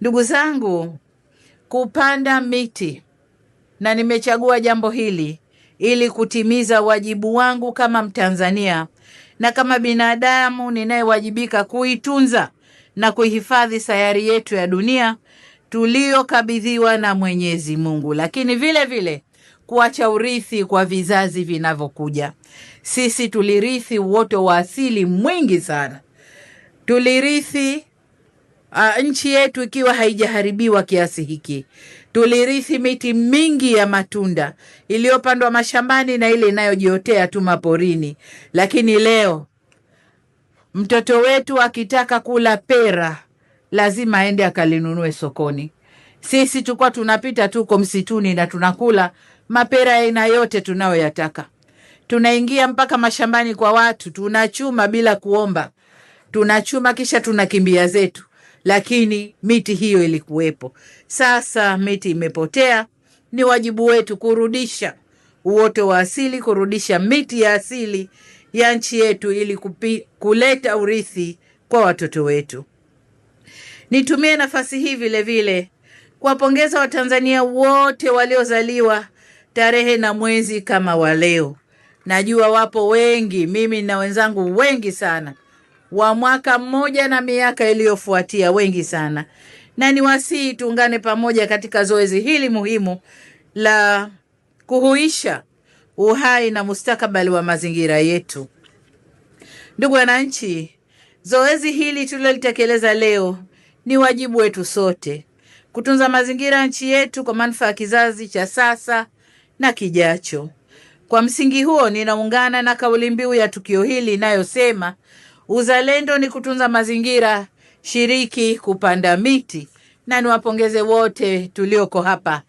Ndugu zangu, kupanda miti, na nimechagua jambo hili ili kutimiza wajibu wangu kama Mtanzania na kama binadamu ninayewajibika kuitunza na kuihifadhi sayari yetu ya dunia tuliyokabidhiwa na Mwenyezi Mungu, lakini vile vile kuacha urithi kwa vizazi vinavyokuja. Sisi tulirithi uoto wa asili mwingi sana, tulirithi uh, nchi yetu ikiwa haijaharibiwa kiasi hiki. Tulirithi miti mingi ya matunda iliyopandwa mashambani na ile inayojiotea tu maporini, lakini leo mtoto wetu akitaka kula pera lazima aende akalinunue sokoni. Sisi tukuwa tunapita tuko msituni na tunakula mapera ya aina yote tunayoyataka. Tunaingia mpaka mashambani kwa watu, tunachuma bila kuomba, tunachuma kisha tunakimbia zetu lakini miti hiyo ilikuwepo. Sasa miti imepotea, ni wajibu wetu kurudisha uoto wa asili, kurudisha miti ya asili ya nchi yetu ili kupi, kuleta urithi kwa watoto wetu. Nitumie nafasi hii vile vile kuwapongeza Watanzania wote waliozaliwa tarehe na mwezi kama wa leo. Najua wapo wengi, mimi na wenzangu wengi sana wa mwaka mmoja na miaka iliyofuatia wengi sana, na niwasihi tuungane pamoja katika zoezi hili muhimu la kuhuisha uhai na mustakabali wa mazingira yetu. Ndugu wananchi, zoezi hili tulilolitekeleza leo ni wajibu wetu sote kutunza mazingira ya nchi yetu kwa manufaa ya kizazi cha sasa na kijacho. Kwa msingi huo, ninaungana na kauli mbiu ya tukio hili inayosema Uzalendo ni kutunza mazingira, shiriki kupanda miti. Na niwapongeze wote tulioko hapa